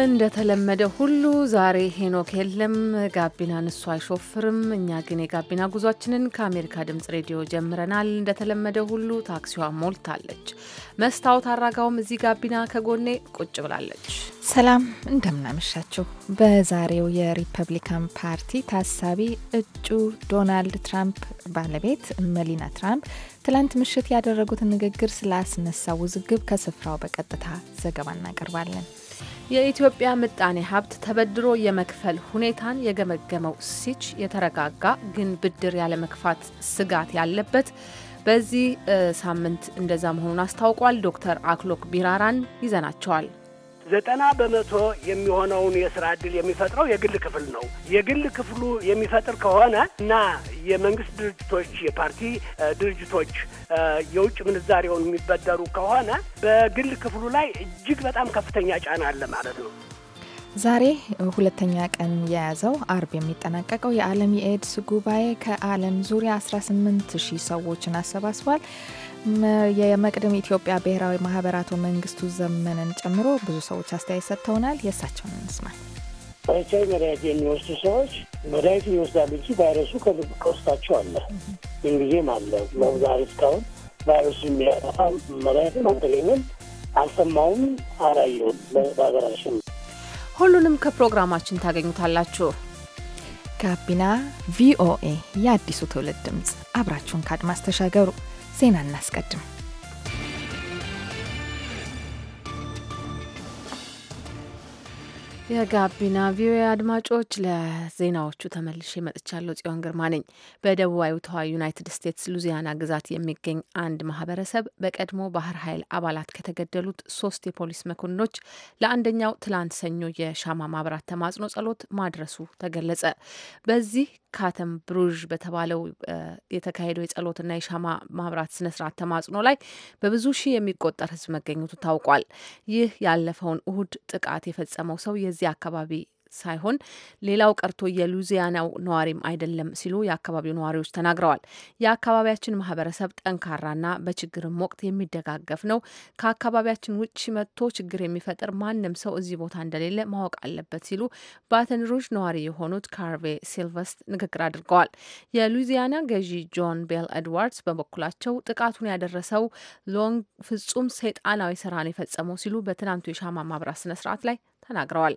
እንደተለመደ ሁሉ ዛሬ ሄኖክ የለም። ጋቢናን እሱ አይሾፍርም። እኛ ግን የጋቢና ጉዟችንን ከአሜሪካ ድምጽ ሬዲዮ ጀምረናል። እንደተለመደ ሁሉ ታክሲዋ ሞልታለች። መስታወት አራጋውም እዚህ ጋቢና ከጎኔ ቁጭ ብላለች። ሰላም እንደምናመሻችሁ። በዛሬው የሪፐብሊካን ፓርቲ ታሳቢ እጩ ዶናልድ ትራምፕ ባለቤት መሊና ትራምፕ ትላንት ምሽት ያደረጉትን ንግግር ስላስነሳ ውዝግብ ከስፍራው በቀጥታ ዘገባ እናቀርባለን። የኢትዮጵያ ምጣኔ ሀብት ተበድሮ የመክፈል ሁኔታን የገመገመው ሲች የተረጋጋ ግን ብድር ያለመክፋት ስጋት ያለበት በዚህ ሳምንት እንደዛ መሆኑን አስታውቋል። ዶክተር አክሎክ ቢራራን ይዘናቸዋል። ዘጠና በመቶ የሚሆነውን የስራ እድል የሚፈጥረው የግል ክፍል ነው። የግል ክፍሉ የሚፈጥር ከሆነ እና የመንግስት ድርጅቶች፣ የፓርቲ ድርጅቶች የውጭ ምንዛሬውን የሚበደሩ ከሆነ በግል ክፍሉ ላይ እጅግ በጣም ከፍተኛ ጫና አለ ማለት ነው። ዛሬ ሁለተኛ ቀን የያዘው አርብ የሚጠናቀቀው የዓለም የኤድስ ጉባኤ ከዓለም ዙሪያ 18 ሺህ ሰዎችን አሰባስቧል። የመቅደም ኢትዮጵያ ብሔራዊ ማህበራቱ መንግስቱ ዘመንን ጨምሮ ብዙ ሰዎች አስተያየት ሰጥተውናል። የእሳቸውን እንስማል። ኤችአይቪ መድኃኒት የሚወስዱ ሰዎች መድኃኒቱ ይወስዳል እንጂ ቫይረሱ ከውስጣቸው አለ፣ ምንጊዜም አለ። መብዛሪ እስካሁን ቫይረሱ የሚያጠፋ መድኃኒትም አልተገኘም፣ አልሰማውም፣ አላየውም በሀገራችን። ሁሉንም ከፕሮግራማችን ታገኙታላችሁ። ጋቢና ቪኦኤ የአዲሱ ትውልድ ድምፅ፣ አብራችሁን ከአድማስ ተሻገሩ። ዜና እናስቀድም። የጋቢና ቪኦኤ አድማጮች ለዜናዎቹ ተመልሼ መጥቻለሁ። ጽዮን ግርማ ነኝ። በደቡባዊቷ ዩናይትድ ስቴትስ ሉዚያና ግዛት የሚገኝ አንድ ማህበረሰብ በቀድሞ ባህር ኃይል አባላት ከተገደሉት ሶስት የፖሊስ መኮንኖች ለአንደኛው ትላንት ሰኞ የሻማ ማብራት ተማጽኖ ጸሎት ማድረሱ ተገለጸ። በዚህ ካተም ብሩዥ በተባለው የተካሄደው የጸሎትና የሻማ ማብራት ስነስርዓት ተማጽኖ ላይ በብዙ ሺህ የሚቆጠር ህዝብ መገኘቱ ታውቋል። ይህ ያለፈውን እሁድ ጥቃት የፈጸመው ሰው የዚህ የዚህ አካባቢ ሳይሆን ሌላው ቀርቶ የሉዚያናው ነዋሪም አይደለም ሲሉ የአካባቢው ነዋሪዎች ተናግረዋል። የአካባቢያችን ማህበረሰብ ጠንካራና በችግርም ወቅት የሚደጋገፍ ነው። ከአካባቢያችን ውጭ መጥቶ ችግር የሚፈጥር ማንም ሰው እዚህ ቦታ እንደሌለ ማወቅ አለበት ሲሉ ባተን ሩዥ ነዋሪ የሆኑት ካርቬ ሲልቨስት ንግግር አድርገዋል። የሉዚያና ገዢ ጆን ቤል ኤድዋርድስ በበኩላቸው ጥቃቱን ያደረሰው ሎንግ ፍጹም ሰይጣናዊ ስራን የፈጸመው ሲሉ በትናንቱ የሻማ ማብራት ስነስርዓት ላይ ተናግረዋል።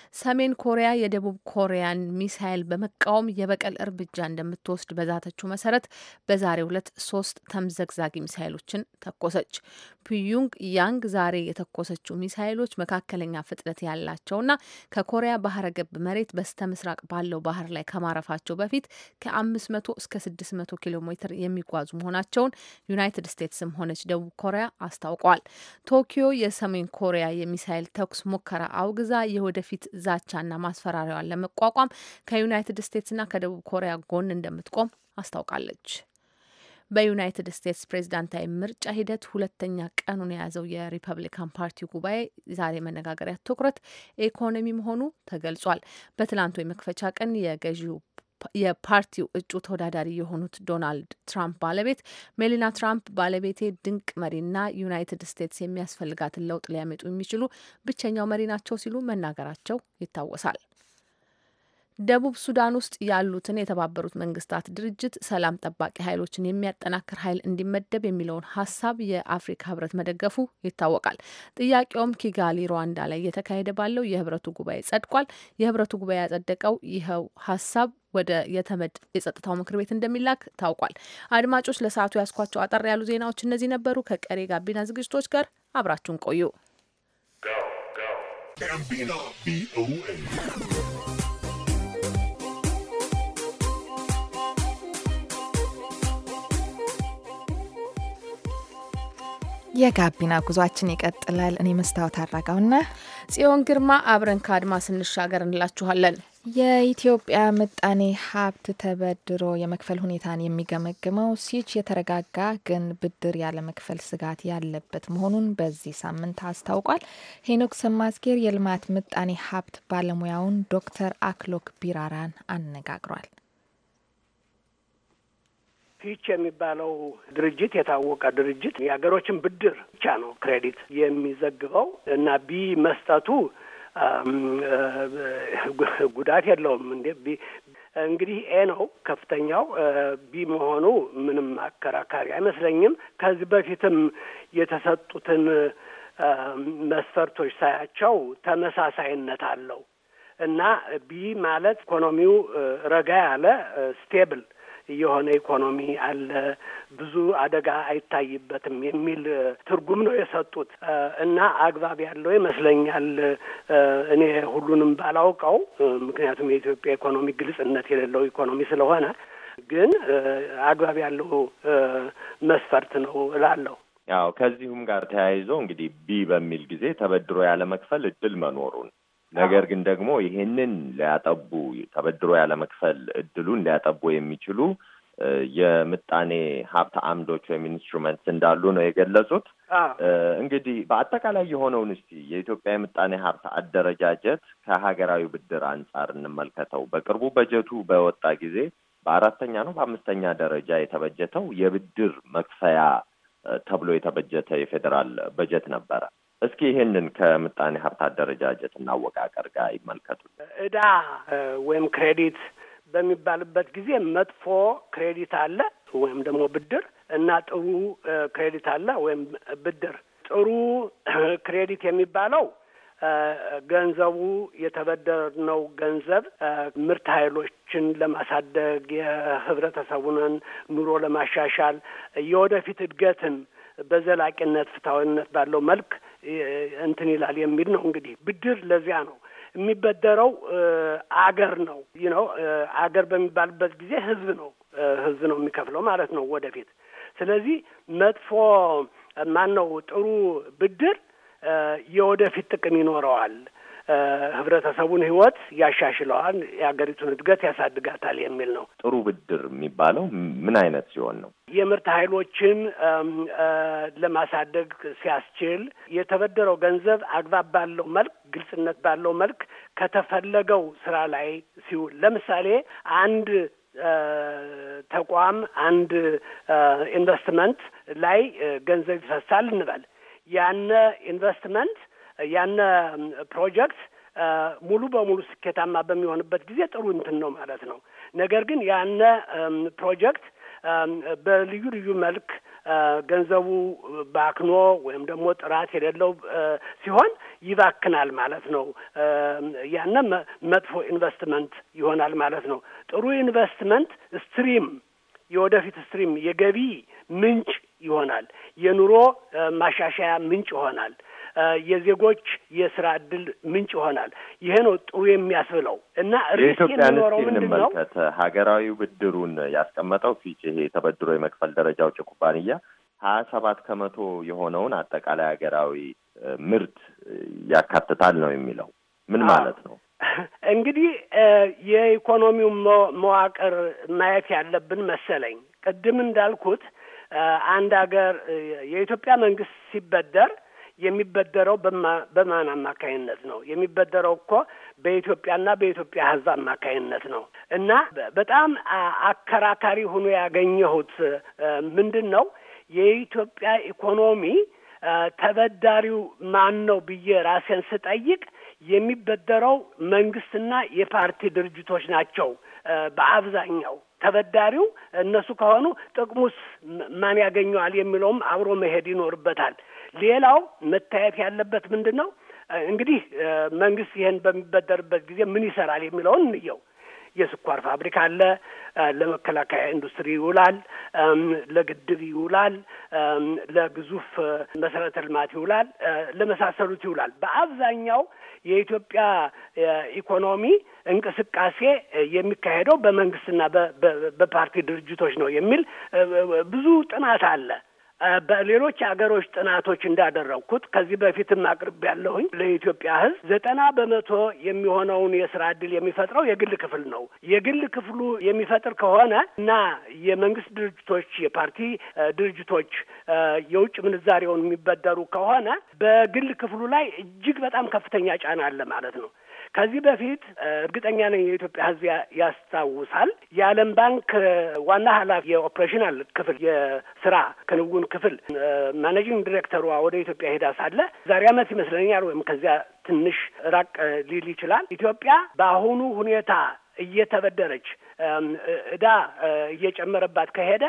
ሰሜን ኮሪያ የደቡብ ኮሪያን ሚሳይል በመቃወም የበቀል እርምጃ እንደምትወስድ በዛተችው መሰረት በዛሬ ሁለት ሶስት ተምዘግዛጊ ሚሳይሎችን ተኮሰች። ፒዩንግ ያንግ ዛሬ የተኮሰችው ሚሳይሎች መካከለኛ ፍጥነት ያላቸውና ከኮሪያ ባህረ ገብ መሬት በስተ ምስራቅ ባለው ባህር ላይ ከማረፋቸው በፊት ከ500 እስከ 600 ኪሎ ሜትር የሚጓዙ መሆናቸውን ዩናይትድ ስቴትስም ሆነች ደቡብ ኮሪያ አስታውቋል። ቶኪዮ የሰሜን ኮሪያ የሚሳይል ተኩስ ሙከራ አውግዛ የወደፊት ዛቻና ማስፈራሪያዋን ለመቋቋም ከዩናይትድ ስቴትስና ከደቡብ ኮሪያ ጎን እንደምትቆም አስታውቃለች። በዩናይትድ ስቴትስ ፕሬዚዳንታዊ ምርጫ ሂደት ሁለተኛ ቀኑን የያዘው የሪፐብሊካን ፓርቲ ጉባኤ ዛሬ መነጋገሪያ ትኩረት ኢኮኖሚ መሆኑ ተገልጿል። በትላንቱ የመክፈቻ ቀን የገዢው የፓርቲው እጩ ተወዳዳሪ የሆኑት ዶናልድ ትራምፕ ባለቤት ሜሊና ትራምፕ ባለቤቴ ድንቅ መሪና ዩናይትድ ስቴትስ የሚያስፈልጋትን ለውጥ ሊያመጡ የሚችሉ ብቸኛው መሪ ናቸው ሲሉ መናገራቸው ይታወሳል። ደቡብ ሱዳን ውስጥ ያሉትን የተባበሩት መንግስታት ድርጅት ሰላም ጠባቂ ኃይሎችን የሚያጠናክር ኃይል እንዲመደብ የሚለውን ሀሳብ የአፍሪካ ህብረት መደገፉ ይታወቃል። ጥያቄውም ኪጋሊ ሩዋንዳ ላይ እየተካሄደ ባለው የህብረቱ ጉባኤ ጸድቋል። የህብረቱ ጉባኤ ያጸደቀው ይኸው ሀሳብ ወደ የተመድ የጸጥታው ምክር ቤት እንደሚላክ ታውቋል። አድማጮች ለሰዓቱ ያስኳቸው አጠር ያሉ ዜናዎች እነዚህ ነበሩ። ከቀሬ ጋቢና ዝግጅቶች ጋር አብራችሁን ቆዩ። የጋቢና ጉዟችን ይቀጥላል። እኔ መስታወት አራጋውና ጽዮን ግርማ አብረን ከአድማስ ስንሻገር እንላችኋለን። የኢትዮጵያ ምጣኔ ሀብት ተበድሮ የመክፈል ሁኔታን የሚገመግመው ሲች የተረጋጋ ግን ብድር ያለመክፈል ስጋት ያለበት መሆኑን በዚህ ሳምንት አስታውቋል። ሄኖክ ሰማዝጌር የልማት ምጣኔ ሀብት ባለሙያውን ዶክተር አክሎክ ቢራራን አነጋግሯል። ፊች የሚባለው ድርጅት የታወቀ ድርጅት የሀገሮችን ብድር ብቻ ነው ክሬዲት የሚዘግበው እና ቢ መስጠቱ ጉዳት የለውም። እንዴ እንግዲህ ኤ ነው ከፍተኛው። ቢ መሆኑ ምንም አከራካሪ አይመስለኝም። ከዚህ በፊትም የተሰጡትን መስፈርቶች ሳያቸው ተመሳሳይነት አለው እና ቢ ማለት ኢኮኖሚው ረጋ ያለ ስቴብል የሆነ ኢኮኖሚ አለ፣ ብዙ አደጋ አይታይበትም የሚል ትርጉም ነው የሰጡት እና አግባብ ያለው ይመስለኛል። እኔ ሁሉንም ባላውቀው፣ ምክንያቱም የኢትዮጵያ ኢኮኖሚ ግልጽነት የሌለው ኢኮኖሚ ስለሆነ፣ ግን አግባብ ያለው መስፈርት ነው እላለሁ። ያው ከዚሁም ጋር ተያይዞ እንግዲህ ቢ በሚል ጊዜ ተበድሮ ያለመክፈል እድል መኖሩን ነገር ግን ደግሞ ይሄንን ሊያጠቡ ተበድሮ ያለመክፈል እድሉን ሊያጠቡ የሚችሉ የምጣኔ ሀብት አምዶች ወይም ኢንስትሩመንትስ እንዳሉ ነው የገለጹት። እንግዲህ በአጠቃላይ የሆነውን እስቲ የኢትዮጵያ የምጣኔ ሀብት አደረጃጀት ከሀገራዊ ብድር አንጻር እንመልከተው። በቅርቡ በጀቱ በወጣ ጊዜ በአራተኛ ነው በአምስተኛ ደረጃ የተበጀተው የብድር መክፈያ ተብሎ የተበጀተ የፌዴራል በጀት ነበረ። እስኪ ይሄንን ከምጣኔ ሀብት አደረጃጀት እና አወቃቀር ጋር ይመልከቱ። እዳ ወይም ክሬዲት በሚባልበት ጊዜ መጥፎ ክሬዲት አለ ወይም ደግሞ ብድር እና ጥሩ ክሬዲት አለ ወይም ብድር። ጥሩ ክሬዲት የሚባለው ገንዘቡ የተበደርነው ገንዘብ ምርት ኃይሎችን ለማሳደግ የህብረተሰቡን ኑሮ ለማሻሻል የወደፊት እድገትን በዘላቂነት ፍትሐዊነት ባለው መልክ እንትን ይላል የሚል ነው። እንግዲህ ብድር ለዚያ ነው የሚበደረው አገር ነው ነው አገር በሚባልበት ጊዜ ህዝብ ነው ህዝብ ነው የሚከፍለው ማለት ነው ወደፊት። ስለዚህ መጥፎ ማን ነው ጥሩ ብድር የወደፊት ጥቅም ይኖረዋል። ህብረተሰቡን ህይወት ያሻሽለዋል፣ የሀገሪቱን እድገት ያሳድጋታል የሚል ነው። ጥሩ ብድር የሚባለው ምን አይነት ሲሆን ነው? የምርት ኃይሎችን ለማሳደግ ሲያስችል የተበደረው ገንዘብ አግባብ ባለው መልክ፣ ግልጽነት ባለው መልክ ከተፈለገው ስራ ላይ ሲውል ለምሳሌ አንድ ተቋም አንድ ኢንቨስትመንት ላይ ገንዘብ ይፈሳል እንበል። ያነ ኢንቨስትመንት ያነ ፕሮጀክት ሙሉ በሙሉ ስኬታማ በሚሆንበት ጊዜ ጥሩ እንትን ነው ማለት ነው። ነገር ግን ያነ ፕሮጀክት በልዩ ልዩ መልክ ገንዘቡ ባክኖ ወይም ደግሞ ጥራት የሌለው ሲሆን ይባክናል ማለት ነው። ያነ መጥፎ ኢንቨስትመንት ይሆናል ማለት ነው። ጥሩ ኢንቨስትመንት ስትሪም፣ የወደፊት ስትሪም፣ የገቢ ምንጭ ይሆናል። የኑሮ ማሻሻያ ምንጭ ይሆናል። የዜጎች የስራ እድል ምንጭ ይሆናል። ይሄ ነው ጥሩ የሚያስብለው እና ሪስክ የሚኖረው ምንድን ሀገራዊ ብድሩን ያስቀመጠው ፊች ይሄ ተበድሮ የመክፈል ደረጃዎች ኩባንያ ሀያ ሰባት ከመቶ የሆነውን አጠቃላይ ሀገራዊ ምርት ያካትታል ነው የሚለው። ምን ማለት ነው? እንግዲህ የኢኮኖሚው መዋቅር ማየት ያለብን መሰለኝ። ቅድም እንዳልኩት አንድ ሀገር የኢትዮጵያ መንግስት ሲበደር የሚበደረው በማን አማካይነት ነው? የሚበደረው እኮ በኢትዮጵያና በኢትዮጵያ ሕዝብ አማካይነት ነው። እና በጣም አከራካሪ ሆኖ ያገኘሁት ምንድን ነው የኢትዮጵያ ኢኮኖሚ ተበዳሪው ማን ነው ብዬ ራሴን ስጠይቅ የሚበደረው መንግስትና የፓርቲ ድርጅቶች ናቸው በአብዛኛው ተበዳሪው እነሱ ከሆኑ ጥቅሙስ ማን ያገኘዋል የሚለውም አብሮ መሄድ ይኖርበታል። ሌላው መታየት ያለበት ምንድን ነው እንግዲህ መንግስት ይህን በሚበደርበት ጊዜ ምን ይሰራል የሚለውን እንየው። የስኳር ፋብሪካ አለ። ለመከላከያ ኢንዱስትሪ ይውላል። ለግድብ ይውላል። ለግዙፍ መሰረተ ልማት ይውላል። ለመሳሰሉት ይውላል። በአብዛኛው የኢትዮጵያ ኢኮኖሚ እንቅስቃሴ የሚካሄደው በመንግስትና በፓርቲ ድርጅቶች ነው የሚል ብዙ ጥናት አለ። በሌሎች ሀገሮች ጥናቶች እንዳደረግኩት ከዚህ በፊትም አቅርብ ያለሁኝ ለኢትዮጵያ ሕዝብ ዘጠና በመቶ የሚሆነውን የስራ እድል የሚፈጥረው የግል ክፍል ነው። የግል ክፍሉ የሚፈጥር ከሆነ እና የመንግስት ድርጅቶች፣ የፓርቲ ድርጅቶች የውጭ ምንዛሬውን የሚበደሩ ከሆነ በግል ክፍሉ ላይ እጅግ በጣም ከፍተኛ ጫና አለ ማለት ነው። ከዚህ በፊት እርግጠኛ ነኝ የኢትዮጵያ ሕዝብ ያስታውሳል። የዓለም ባንክ ዋና ኃላፊ የኦፕሬሽናል ክፍል የስራ ክንውን ክፍል ማኔጂንግ ዲሬክተሯ ወደ ኢትዮጵያ ሄዳ ሳለ ዛሬ ዓመት ይመስለኛል ወይም ከዚያ ትንሽ ራቅ ሊል ይችላል። ኢትዮጵያ በአሁኑ ሁኔታ እየተበደረች እዳ እየጨመረባት ከሄደ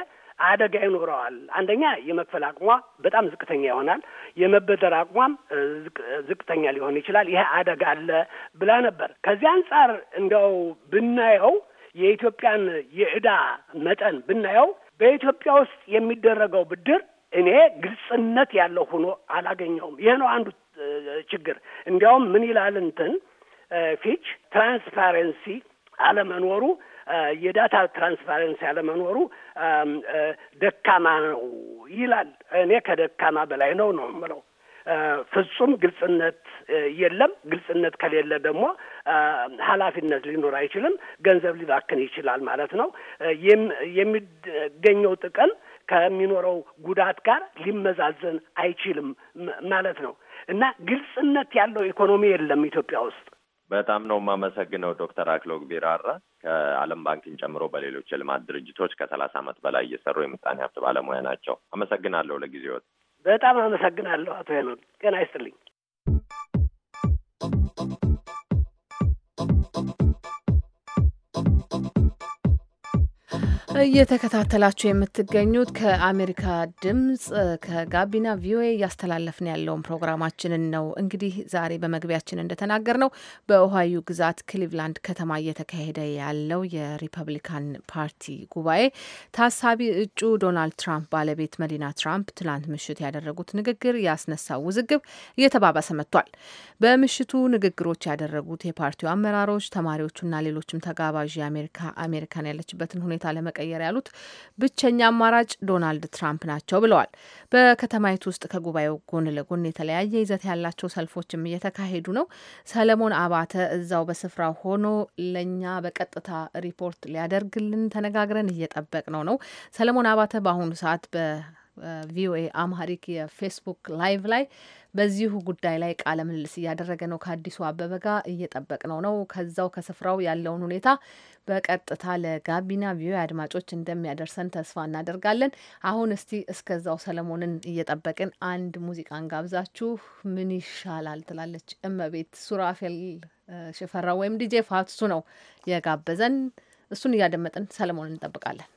አደጋ ይኖረዋል። አንደኛ የመክፈል አቅሟ በጣም ዝቅተኛ ይሆናል። የመበደር አቅሟም ዝቅተኛ ሊሆን ይችላል። ይሄ አደጋ አለ ብላ ነበር። ከዚህ አንጻር እንደው ብናየው የኢትዮጵያን የእዳ መጠን ብናየው በኢትዮጵያ ውስጥ የሚደረገው ብድር እኔ ግልጽነት ያለው ሆኖ አላገኘውም። ይህ ነው አንዱ ችግር። እንዲያውም ምን ይላል እንትን ፊች ትራንስፓረንሲ አለመኖሩ የዳታ ትራንስፓረንሲ ያለመኖሩ ደካማ ነው ይላል። እኔ ከደካማ በላይ ነው ነው የምለው። ፍጹም ግልጽነት የለም። ግልጽነት ከሌለ ደግሞ ኃላፊነት ሊኖር አይችልም። ገንዘብ ሊባክን ይችላል ማለት ነው። የሚገኘው ጥቅም ከሚኖረው ጉዳት ጋር ሊመዛዘን አይችልም ማለት ነው እና ግልጽነት ያለው ኢኮኖሚ የለም ኢትዮጵያ ውስጥ በጣም ነው የማመሰግነው ዶክተር አክሎግ ቢራራ ከዓለም ባንክን ጨምሮ በሌሎች የልማት ድርጅቶች ከሰላሳ ዓመት በላይ እየሰሩ የምጣኔ ሀብት ባለሙያ ናቸው። አመሰግናለሁ ለጊዜዎት። በጣም አመሰግናለሁ አቶ ሄኖክ። ገና ይስጥልኝ። እየተከታተላችሁ የምትገኙት ከአሜሪካ ድምጽ ከጋቢና ቪኦኤ እያስተላለፍን ያለውን ፕሮግራማችንን ነው። እንግዲህ ዛሬ በመግቢያችን እንደተናገር ነው በኦሃዩ ግዛት ክሊቭላንድ ከተማ እየተካሄደ ያለው የሪፐብሊካን ፓርቲ ጉባኤ ታሳቢ እጩ ዶናልድ ትራምፕ ባለቤት መዲና ትራምፕ ትናንት ምሽት ያደረጉት ንግግር ያስነሳው ውዝግብ እየተባባሰ መጥቷል። በምሽቱ ንግግሮች ያደረጉት የፓርቲው አመራሮች፣ ተማሪዎቹና ሌሎችም ተጋባዥ የአሜሪካ አሜሪካን ያለችበትን ሁኔታ ለመቀ መቀየር ያሉት ብቸኛ አማራጭ ዶናልድ ትራምፕ ናቸው ብለዋል። በከተማይቱ ውስጥ ከጉባኤው ጎን ለጎን የተለያየ ይዘት ያላቸው ሰልፎችም እየተካሄዱ ነው። ሰለሞን አባተ እዛው በስፍራው ሆኖ ለእኛ በቀጥታ ሪፖርት ሊያደርግልን ተነጋግረን እየጠበቅ ነው ነው ሰለሞን አባተ በአሁኑ ሰዓት በ ቪኦኤ አማሪክ የፌስቡክ ላይቭ ላይ በዚሁ ጉዳይ ላይ ቃለ ምልልስ እያደረገ ነው ከአዲሱ አበበ ጋር እየጠበቅ ነው ነው ከዛው ከስፍራው ያለውን ሁኔታ በቀጥታ ለጋቢና ቪኦኤ አድማጮች እንደሚያደርሰን ተስፋ እናደርጋለን። አሁን እስቲ እስከዛው ሰለሞንን እየጠበቅን አንድ ሙዚቃን ጋብዛችሁ ምን ይሻላል ትላለች እመቤት ሱራፌል ሽፈራ ወይም ዲጄ ፋትሱ ነው የጋበዘን። እሱን እያደመጥን ሰለሞንን እንጠብቃለን።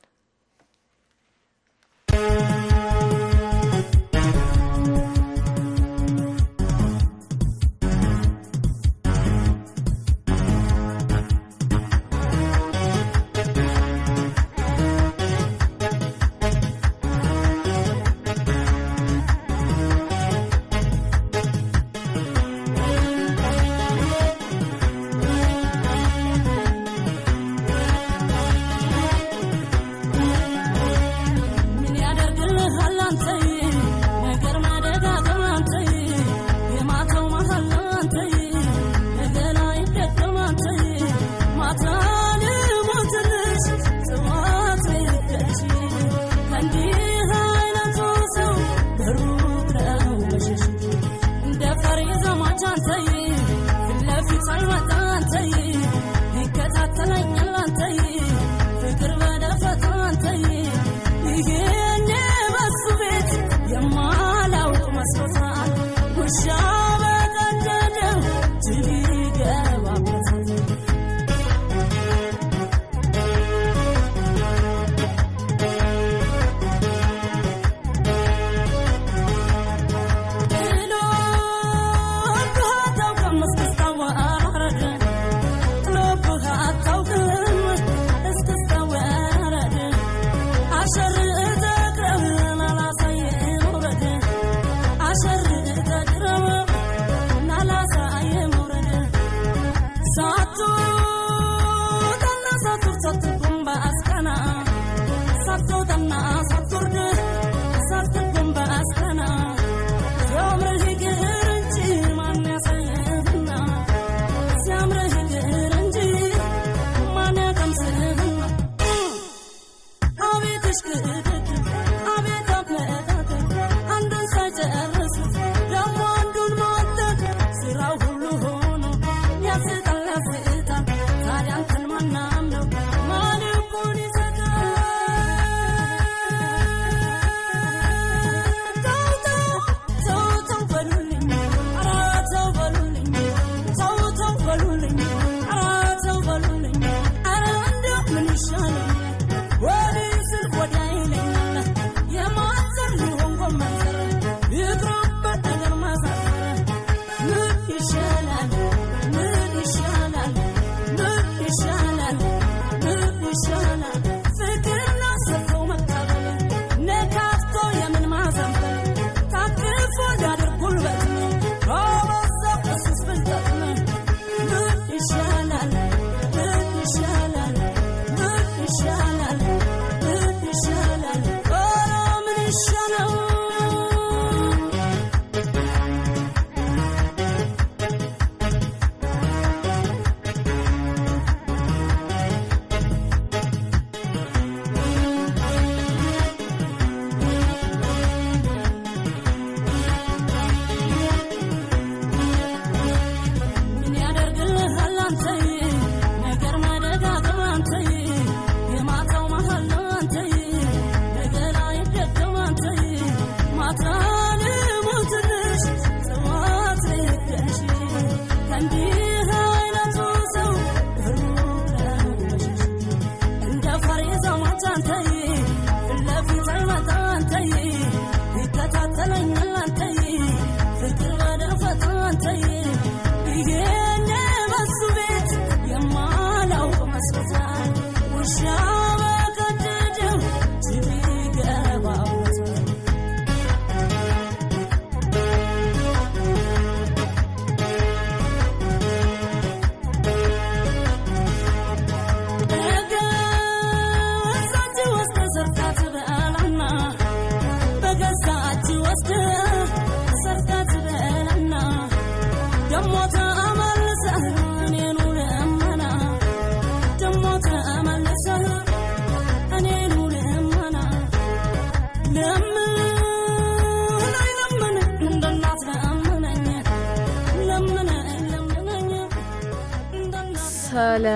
Walang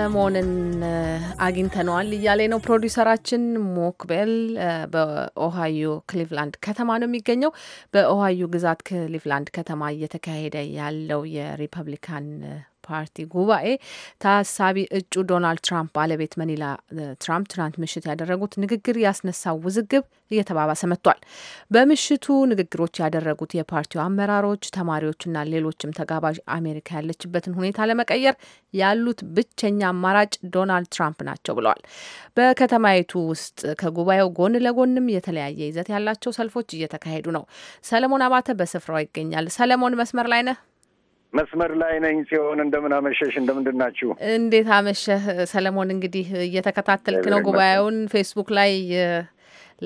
ሰለሞንን አግኝተነዋል እያለ ነው ፕሮዲውሰራችን። ሞክቤል በኦሃዮ ክሊቭላንድ ከተማ ነው የሚገኘው። በኦሃዮ ግዛት ክሊቭላንድ ከተማ እየተካሄደ ያለው የሪፐብሊካን ፓርቲ ጉባኤ ታሳቢ እጩ ዶናልድ ትራምፕ ባለቤት መኒላ ትራምፕ ትናንት ምሽት ያደረጉት ንግግር ያስነሳው ውዝግብ እየተባባሰ መጥቷል። በምሽቱ ንግግሮች ያደረጉት የፓርቲው አመራሮች፣ ተማሪዎችና ሌሎችም ተጋባዥ አሜሪካ ያለችበትን ሁኔታ ለመቀየር ያሉት ብቸኛ አማራጭ ዶናልድ ትራምፕ ናቸው ብለዋል። በከተማይቱ ውስጥ ከጉባኤው ጎን ለጎንም የተለያየ ይዘት ያላቸው ሰልፎች እየተካሄዱ ነው። ሰለሞን አባተ በስፍራው ይገኛል። ሰለሞን መስመር ላይ ነህ? መስመር ላይ ነኝ ሲሆን እንደምን አመሸሽ፣ እንደምንድን ናችሁ? እንዴት አመሸህ ሰለሞን። እንግዲህ እየተከታተልክ ነው ጉባኤውን። ፌስቡክ ላይ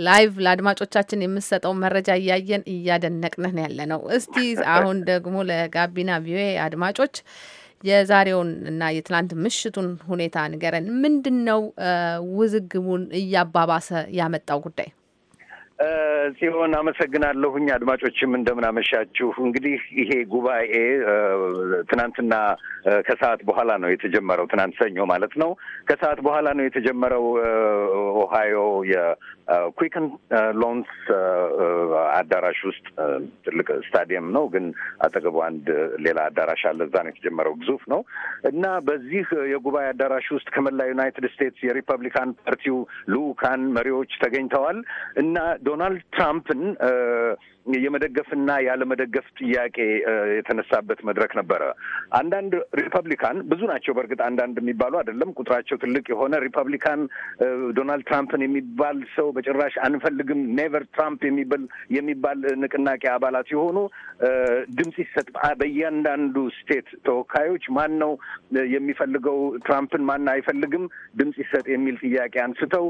ላይቭ ለአድማጮቻችን የምትሰጠውን መረጃ እያየን እያደነቅንህ ነው ያለ ነው። እስቲ አሁን ደግሞ ለጋቢና ቪኦኤ አድማጮች የዛሬውን እና የትናንት ምሽቱን ሁኔታ ንገረን። ምንድን ነው ውዝግቡን እያባባሰ ያመጣው ጉዳይ? ሲሆን አመሰግናለሁኝ። አድማጮችም እንደምናመሻችሁ። እንግዲህ ይሄ ጉባኤ ትናንትና ከሰዓት በኋላ ነው የተጀመረው። ትናንት ሰኞ ማለት ነው። ከሰዓት በኋላ ነው የተጀመረው። ኦሃዮ የኩዊክን ሎንስ አዳራሽ ውስጥ ትልቅ ስታዲየም ነው፣ ግን አጠገቡ አንድ ሌላ አዳራሽ አለ። እዛ ነው የተጀመረው። ግዙፍ ነው እና በዚህ የጉባኤ አዳራሽ ውስጥ ከመላ ዩናይትድ ስቴትስ የሪፐብሊካን ፓርቲው ልኡካን መሪዎች ተገኝተዋል እና ዶናልድ ትራምፕን የመደገፍና ያለመደገፍ ጥያቄ የተነሳበት መድረክ ነበረ። አንዳንድ ሪፐብሊካን ብዙ ናቸው በእርግጥ አንዳንድ የሚባሉ አይደለም፣ ቁጥራቸው ትልቅ የሆነ ሪፐብሊካን ዶናልድ ትራምፕን የሚባል ሰው በጭራሽ አንፈልግም፣ ኔቨር ትራምፕ የሚባል ንቅናቄ አባላት የሆኑ ድምፅ ይሰጥ በእያንዳንዱ ስቴት ተወካዮች ማን ነው የሚፈልገው ትራምፕን ማን አይፈልግም ድምፅ ይሰጥ የሚል ጥያቄ አንስተው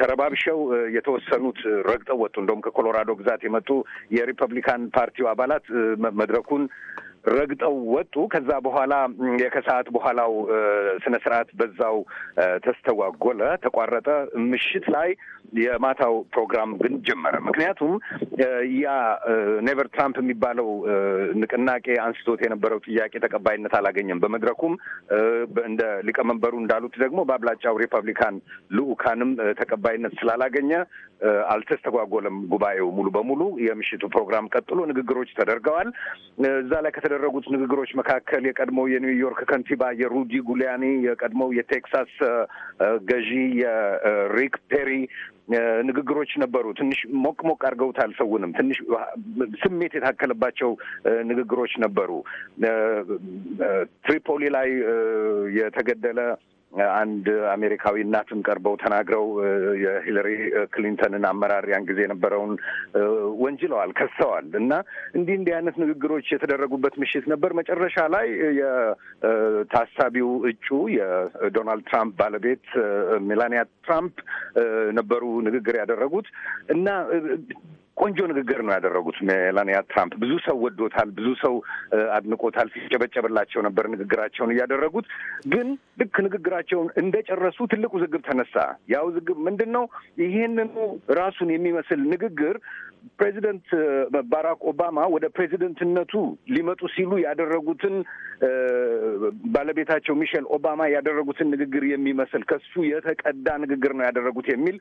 ተረባብሸው የተወሰኑት ረግጠው ወጡ። እንደውም ከኮሎራዶ ግዛት የመጡ የሪፐብሊካን ፓርቲው አባላት መድረኩን ረግጠው ወጡ። ከዛ በኋላ የከሰዓት በኋላው ስነ ስርዓት በዛው ተስተጓጎለ፣ ተቋረጠ። ምሽት ላይ የማታው ፕሮግራም ግን ጀመረ። ምክንያቱም ያ ኔቨር ትራምፕ የሚባለው ንቅናቄ አንስቶት የነበረው ጥያቄ ተቀባይነት አላገኘም። በመድረኩም እንደ ሊቀመንበሩ እንዳሉት ደግሞ በአብላጫው ሪፐብሊካን ልኡካንም ተቀባይነት ስላላገኘ አልተስተጓጎለም። ጉባኤው ሙሉ በሙሉ የምሽቱ ፕሮግራም ቀጥሎ ንግግሮች ተደርገዋል። እዛ ላይ ካደረጉት ንግግሮች መካከል የቀድሞው የኒውዮርክ ከንቲባ የሩዲ ጉሊያኒ፣ የቀድሞው የቴክሳስ ገዢ የሪክ ፔሪ ንግግሮች ነበሩ። ትንሽ ሞቅ ሞቅ አድርገውታል። ሰውንም ትንሽ ስሜት የታከለባቸው ንግግሮች ነበሩ። ትሪፖሊ ላይ የተገደለ አንድ አሜሪካዊ እናትም ቀርበው ተናግረው የሂለሪ ክሊንተንን አመራር ያን ጊዜ የነበረውን ወንጅለዋል፣ ከሰዋል እና እንዲህ እንዲህ አይነት ንግግሮች የተደረጉበት ምሽት ነበር። መጨረሻ ላይ የታሳቢው እጩ የዶናልድ ትራምፕ ባለቤት ሜላኒያ ትራምፕ ነበሩ ንግግር ያደረጉት እና ቆንጆ ንግግር ነው ያደረጉት ሜላኒያ ትራምፕ። ብዙ ሰው ወዶታል፣ ብዙ ሰው አድንቆታል፣ ሲጨበጨብላቸው ነበር ንግግራቸውን እያደረጉት። ግን ልክ ንግግራቸውን እንደጨረሱ ትልቅ ውዝግብ ተነሳ። ያ ውዝግብ ምንድን ነው? ይህንኑ ራሱን የሚመስል ንግግር ፕሬዚደንት ባራክ ኦባማ ወደ ፕሬዚደንትነቱ ሊመጡ ሲሉ ያደረጉትን ባለቤታቸው ሚሼል ኦባማ ያደረጉትን ንግግር የሚመስል ከሱ የተቀዳ ንግግር ነው ያደረጉት የሚል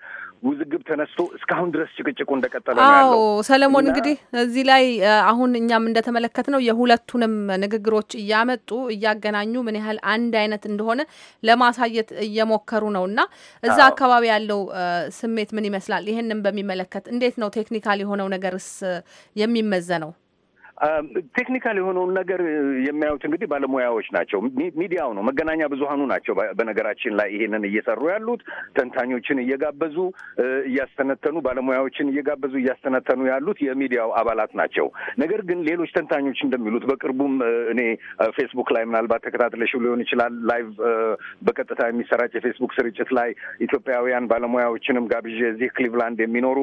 ውዝግብ ተነስቶ እስካሁን ድረስ ጭቅጭቁ እንደቀጠለ ነው ያለው። ሰለሞን እንግዲህ እዚህ ላይ አሁን እኛም እንደተመለከት ነው የሁለቱንም ንግግሮች እያመጡ እያገናኙ ምን ያህል አንድ አይነት እንደሆነ ለማሳየት እየሞከሩ ነው እና እዛ አካባቢ ያለው ስሜት ምን ይመስላል? ይህንም በሚመለከት እንዴት ነው ቴክኒካል የሆነ የሆነው ነገርስ የሚመዘነው? ቴክኒካል የሆነውን ነገር የሚያዩት እንግዲህ ባለሙያዎች ናቸው። ሚዲያው ነው፣ መገናኛ ብዙሀኑ ናቸው። በነገራችን ላይ ይሄንን እየሰሩ ያሉት ተንታኞችን እየጋበዙ እያስተነተኑ፣ ባለሙያዎችን እየጋበዙ እያስተነተኑ ያሉት የሚዲያው አባላት ናቸው። ነገር ግን ሌሎች ተንታኞች እንደሚሉት በቅርቡም እኔ ፌስቡክ ላይ ምናልባት ተከታትለሽው ሊሆን ይችላል ላይቭ በቀጥታ የሚሰራጭ የፌስቡክ ስርጭት ላይ ኢትዮጵያውያን ባለሙያዎችንም ጋብዤ እዚህ ክሊቭላንድ የሚኖሩ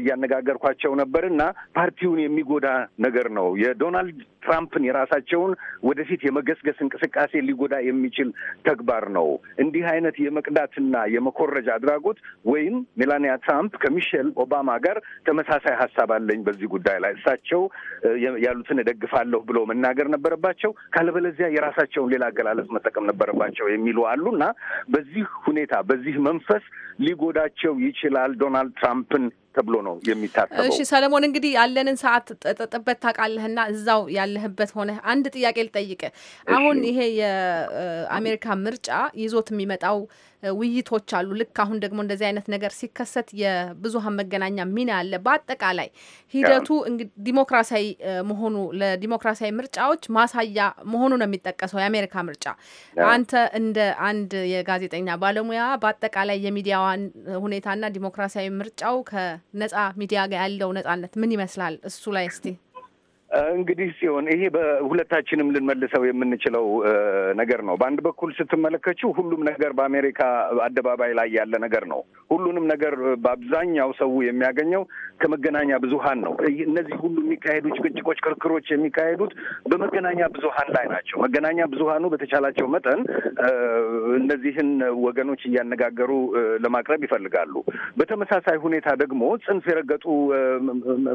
እያነጋገርኳቸው ነበር እና ፓርቲውን የሚጎዳ ነገር ነው። የዶናልድ ትራምፕን የራሳቸውን ወደፊት የመገስገስ እንቅስቃሴ ሊጎዳ የሚችል ተግባር ነው። እንዲህ አይነት የመቅዳትና የመኮረጃ አድራጎት ወይም ሜላኒያ ትራምፕ ከሚሼል ኦባማ ጋር ተመሳሳይ ሀሳብ አለኝ በዚህ ጉዳይ ላይ እሳቸው ያሉትን እደግፋለሁ ብሎ መናገር ነበረባቸው። ካለበለዚያ የራሳቸውን ሌላ አገላለጽ መጠቀም ነበረባቸው የሚሉ አሉ እና በዚህ ሁኔታ በዚህ መንፈስ ሊጎዳቸው ይችላል ዶናልድ ትራምፕን ተብሎ ነው የሚታሰበው። እሺ ሰለሞን፣ እንግዲህ ያለንን ሰዓት ጠጠጠበት ታውቃለህና እዛው ያለህበት ሆነ አንድ ጥያቄ ልጠይቅ። አሁን ይሄ የአሜሪካ ምርጫ ይዞት የሚመጣው ውይይቶች አሉ። ልክ አሁን ደግሞ እንደዚህ አይነት ነገር ሲከሰት የብዙሀን መገናኛ ሚና አለ። በአጠቃላይ ሂደቱ ዲሞክራሲያዊ መሆኑ ለዲሞክራሲያዊ ምርጫዎች ማሳያ መሆኑ ነው የሚጠቀሰው የአሜሪካ ምርጫ። አንተ እንደ አንድ የጋዜጠኛ ባለሙያ በአጠቃላይ የሚዲያዋን ሁኔታና ዲሞክራሲያዊ ምርጫው ከነጻ ሚዲያ ጋር ያለው ነጻነት ምን ይመስላል? እሱ ላይ እስቲ እንግዲህ ሲሆን ይሄ በሁለታችንም ልንመልሰው የምንችለው ነገር ነው። በአንድ በኩል ስትመለከችው ሁሉም ነገር በአሜሪካ አደባባይ ላይ ያለ ነገር ነው። ሁሉንም ነገር በአብዛኛው ሰው የሚያገኘው ከመገናኛ ብዙሃን ነው። እነዚህ ሁሉ የሚካሄዱ ጭቅጭቆች፣ ክርክሮች የሚካሄዱት በመገናኛ ብዙሃን ላይ ናቸው። መገናኛ ብዙሃኑ በተቻላቸው መጠን እነዚህን ወገኖች እያነጋገሩ ለማቅረብ ይፈልጋሉ። በተመሳሳይ ሁኔታ ደግሞ ጽንፍ የረገጡ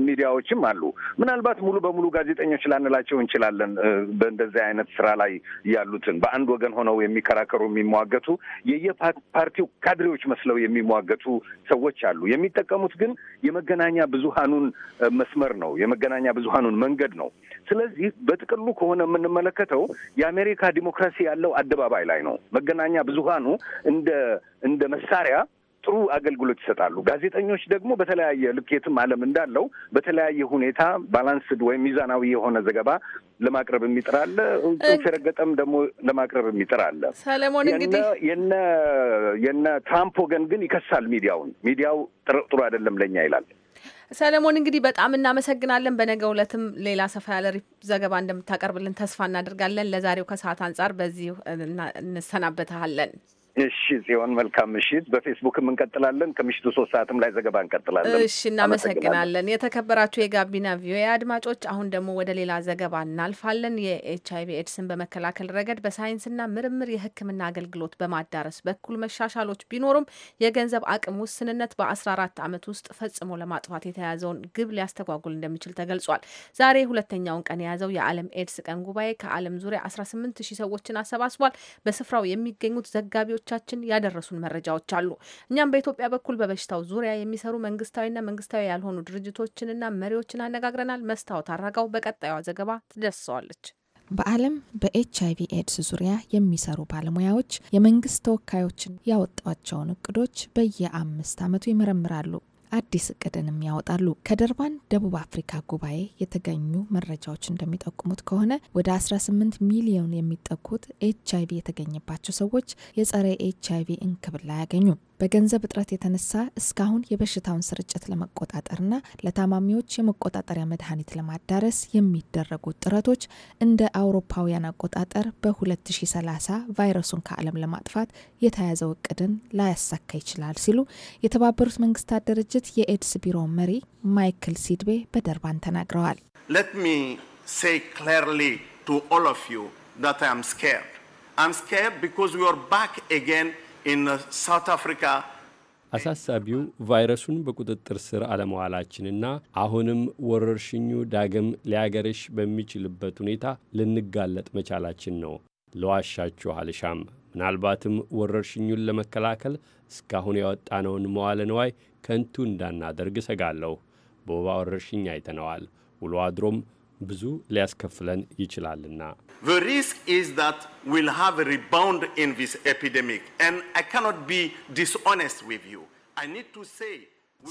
ሚዲያዎችም አሉ። ምናልባት ሙሉ በሙሉ ጋዜጠኞች ላንላቸው እንችላለን። በእንደዚህ አይነት ስራ ላይ ያሉትን በአንድ ወገን ሆነው የሚከራከሩ የሚሟገቱ፣ የየፓርቲው ካድሬዎች መስለው የሚሟገቱ ሰዎች አሉ። የሚጠቀሙት ግን የመገናኛ ብዙሃኑን መስመር ነው፣ የመገናኛ ብዙሃኑን መንገድ ነው። ስለዚህ በጥቅሉ ከሆነ የምንመለከተው የአሜሪካ ዲሞክራሲ ያለው አደባባይ ላይ ነው። መገናኛ ብዙሃኑ እንደ እንደ መሳሪያ ጥሩ አገልግሎት ይሰጣሉ። ጋዜጠኞች ደግሞ በተለያየ ልኬትም ዓለም እንዳለው በተለያየ ሁኔታ ባላንስድ ወይም ሚዛናዊ የሆነ ዘገባ ለማቅረብ የሚጥር አለ፣ ጽንፍ የረገጠም ደግሞ ለማቅረብ የሚጥር አለ። ሰለሞን እንግዲህ የነ የነ ትራምፕ ወገን ግን ይከሳል ሚዲያውን። ሚዲያው ጥሩ አይደለም ለእኛ ይላል። ሰለሞን እንግዲህ በጣም እናመሰግናለን። በነገው ዕለትም ሌላ ሰፋ ያለ ዘገባ እንደምታቀርብልን ተስፋ እናደርጋለን። ለዛሬው ከሰዓት አንጻር በዚህ እንሰናበታለን። እሺ ጽዮን መልካም ምሽት። በፌስቡክም እንቀጥላለን። ከምሽቱ ሶስት ሰዓትም ላይ ዘገባ እንቀጥላለን። እሺ እናመሰግናለን። የተከበራችሁ የጋቢና ቪኦኤ አድማጮች፣ አሁን ደግሞ ወደ ሌላ ዘገባ እናልፋለን። የኤች አይቪ ኤድስን በመከላከል ረገድ በሳይንስና ምርምር የሕክምና አገልግሎት በማዳረስ በኩል መሻሻሎች ቢኖሩም የገንዘብ አቅም ውስንነት በ14 ዓመት ውስጥ ፈጽሞ ለማጥፋት የተያዘውን ግብ ሊያስተጓጉል እንደሚችል ተገልጿል። ዛሬ ሁለተኛውን ቀን የያዘው የዓለም ኤድስ ቀን ጉባኤ ከዓለም ዙሪያ 18 ሺህ ሰዎችን አሰባስቧል። በስፍራው የሚገኙት ዘጋቢዎች ዘጋቢዎቻችን ያደረሱን መረጃዎች አሉ። እኛም በኢትዮጵያ በኩል በበሽታው ዙሪያ የሚሰሩ መንግስታዊና መንግስታዊ ያልሆኑ ድርጅቶችንና መሪዎችን አነጋግረናል። መስታወት አራጋው በቀጣዩ ዘገባ ትደርሰዋለች። በዓለም በኤች አይቪ ኤድስ ዙሪያ የሚሰሩ ባለሙያዎች የመንግስት ተወካዮችን ያወጧቸውን እቅዶች በየአምስት ዓመቱ ይመረምራሉ። አዲስ እቅድንም ያወጣሉ። ከደርባን ደቡብ አፍሪካ ጉባኤ የተገኙ መረጃዎች እንደሚጠቁሙት ከሆነ ወደ 18 ሚሊዮን የሚጠጉት ኤች አይቪ የተገኘባቸው ሰዎች የጸረ ኤች አይቪ እንክብል አያገኙም። በገንዘብ እጥረት የተነሳ እስካሁን የበሽታውን ስርጭት ለመቆጣጠርና ለታማሚዎች የመቆጣጠሪያ መድኃኒት ለማዳረስ የሚደረጉ ጥረቶች እንደ አውሮፓውያን አቆጣጠር በ2030 ቫይረሱን ከዓለም ለማጥፋት የተያዘው እቅድን ላያሳካ ይችላል ሲሉ የተባበሩት መንግስታት ድርጅት የኤድስ ቢሮ መሪ ማይክል ሲድቤ በደርባን ተናግረዋል። Let ስ ስ clearly to all of አሳሳቢው ቫይረሱን በቁጥጥር ስር አለመዋላችንና አሁንም ወረርሽኙ ዳግም ሊያገረሽ በሚችልበት ሁኔታ ልንጋለጥ መቻላችን ነው። ለዋሻችሁ አልሻም። ምናልባትም ወረርሽኙን ለመከላከል እስካሁን ያወጣነውን መዋለ ንዋይ ከንቱ እንዳናደርግ እሰጋለሁ። በወባ ወረርሽኝ አይተነዋል። ውሎ አድሮም ብዙ ሊያስከፍለን ይችላልና።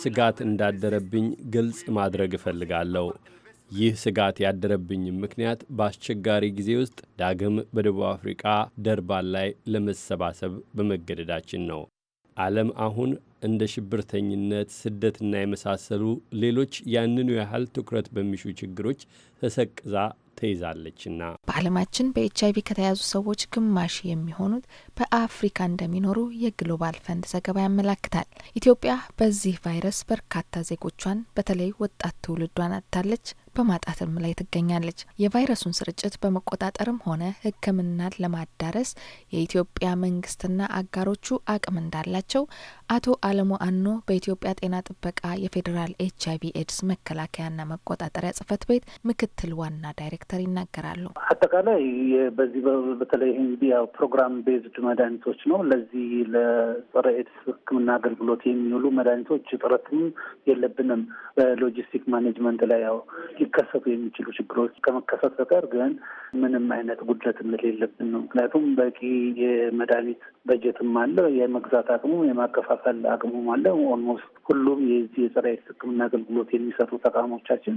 ስጋት እንዳደረብኝ ግልጽ ማድረግ እፈልጋለሁ። ይህ ስጋት ያደረብኝ ምክንያት በአስቸጋሪ ጊዜ ውስጥ ዳግም በደቡብ አፍሪቃ ደርባን ላይ ለመሰባሰብ በመገደዳችን ነው። ዓለም አሁን እንደ ሽብርተኝነት፣ ስደትና የመሳሰሉ ሌሎች ያንኑ ያህል ትኩረት በሚሹ ችግሮች ተሰቅዛ ተይዛለችና። በዓለማችን በኤች አይቪ ከተያዙ ሰዎች ግማሽ የሚሆኑት በአፍሪካ እንደሚኖሩ የግሎባል ፈንድ ዘገባ ያመላክታል። ኢትዮጵያ በዚህ ቫይረስ በርካታ ዜጎቿን በተለይ ወጣት ትውልዷን አጥታለች፣ በማጣትም ላይ ትገኛለች። የቫይረሱን ስርጭት በመቆጣጠርም ሆነ ሕክምናን ለማዳረስ የኢትዮጵያ መንግስትና አጋሮቹ አቅም እንዳላቸው አቶ አለሙ አኖ በኢትዮጵያ ጤና ጥበቃ የፌዴራል ኤች አይቪ ኤድስ መከላከያና መቆጣጠሪያ ጽህፈት ቤት ምክትል ዋና ዳይሬክተር ይናገራሉ። አጠቃላይ በዚህ በተለይ እንግዲህ ያው ፕሮግራም ቤዝድ መድኃኒቶች ነው። ለዚህ ለጸረ ኤድስ ሕክምና አገልግሎት የሚውሉ መድኃኒቶች እጥረትም የለብንም። በሎጂስቲክ ማኔጅመንት ላይ ያው ሊከሰቱ የሚችሉ ችግሮች ከመከሰት በቀር ግን ምንም አይነት ጉድለት የለብን ነው። ምክንያቱም በቂ የመድኃኒት በጀትም አለ የመግዛት አቅሙ የማከፋ የመከፈል አቅሙም አለ። ኦልሞስት ሁሉም የዚህ የጸረ ኤድስ ሕክምና አገልግሎት የሚሰጡ ተቋሞቻችን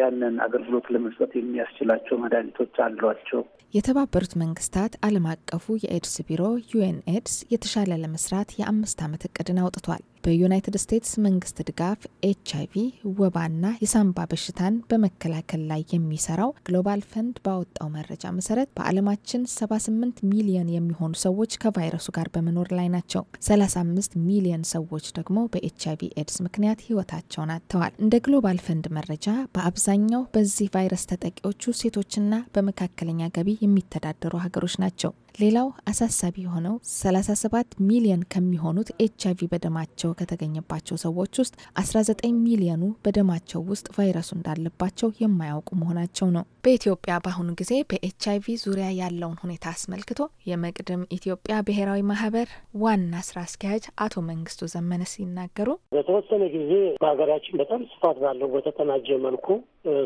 ያንን አገልግሎት ለመስጠት የሚያስችላቸው መድኃኒቶች አሏቸው። የተባበሩት መንግስታት ዓለም አቀፉ የኤድስ ቢሮ ዩኤን ኤድስ የተሻለ ለመስራት የአምስት ዓመት እቅድን አውጥቷል። በዩናይትድ ስቴትስ መንግስት ድጋፍ ኤች አይቪ ወባና የሳምባ በሽታን በመከላከል ላይ የሚሰራው ግሎባል ፈንድ ባወጣው መረጃ መሰረት በዓለማችን 78 ሚሊዮን የሚሆኑ ሰዎች ከቫይረሱ ጋር በመኖር ላይ ናቸው። 35 ሚሊዮን ሰዎች ደግሞ በኤች አይቪ ኤድስ ምክንያት ህይወታቸውን አጥተዋል። እንደ ግሎባል ፈንድ መረጃ በአብዛኛው በዚህ ቫይረስ ተጠቂዎቹ ሴቶችና በመካከለኛ ገቢ የሚተዳደሩ ሀገሮች ናቸው። ሌላው አሳሳቢ የሆነው 37 ሚሊዮን ከሚሆኑት ኤች አይቪ በደማቸው ከተገኘባቸው ሰዎች ውስጥ 19 ሚሊዮኑ በደማቸው ውስጥ ቫይረሱ እንዳለባቸው የማያውቁ መሆናቸው ነው። በኢትዮጵያ በአሁኑ ጊዜ በኤች አይቪ ዙሪያ ያለውን ሁኔታ አስመልክቶ የመቅድም ኢትዮጵያ ብሔራዊ ማህበር ዋና ስራ አስኪያጅ አቶ መንግስቱ ዘመነ ሲናገሩ በተወሰነ ጊዜ በሀገራችን በጣም ስፋት ባለው በተጠናጀ መልኩ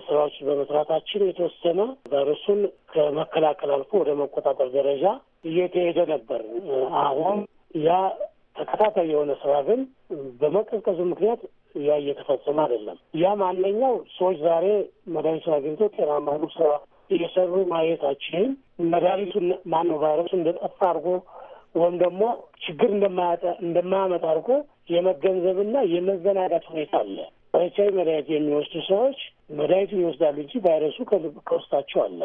ስራዎች በመስራታችን የተወሰነ ቫይረሱን ከመከላከል አልፎ ወደ መቆጣጠር ደረጃ እየተሄደ ነበር። አሁን ያ ተከታታይ የሆነ ስራ ግን በመቀዝቀዙ ምክንያት ያ እየተፈጸመ አይደለም። ያም አንደኛው ሰዎች ዛሬ መድኃኒቱን አግኝቶ ጤናማ ሁሉ ስራ እየሰሩ ማየታችን መድኃኒቱን ማነው ቫይረሱ እንደጠፋ አድርጎ ወይም ደግሞ ችግር እንደማያመጣ አድርጎ የመገንዘብና የመዘናጋት ሁኔታ አለ። ኤች አይ መድኃኒት የሚወስዱ ሰዎች መድኃኒቱን ይወስዳሉ እንጂ ቫይረሱ ከውስጣቸው አለ።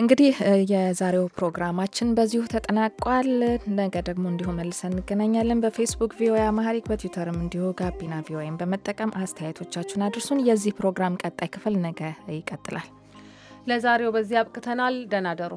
እንግዲህ የዛሬው ፕሮግራማችን በዚሁ ተጠናቋል። ነገ ደግሞ እንዲሁ መልሰን እንገናኛለን። በፌስቡክ ቪኦኤ አማሪክ በትዊተርም እንዲሁ ጋቢና ቪኦኤም በመጠቀም አስተያየቶቻችሁን አድርሱን። የዚህ ፕሮግራም ቀጣይ ክፍል ነገ ይቀጥላል። ለዛሬው በዚህ አብቅተናል። ደህና ደሩ።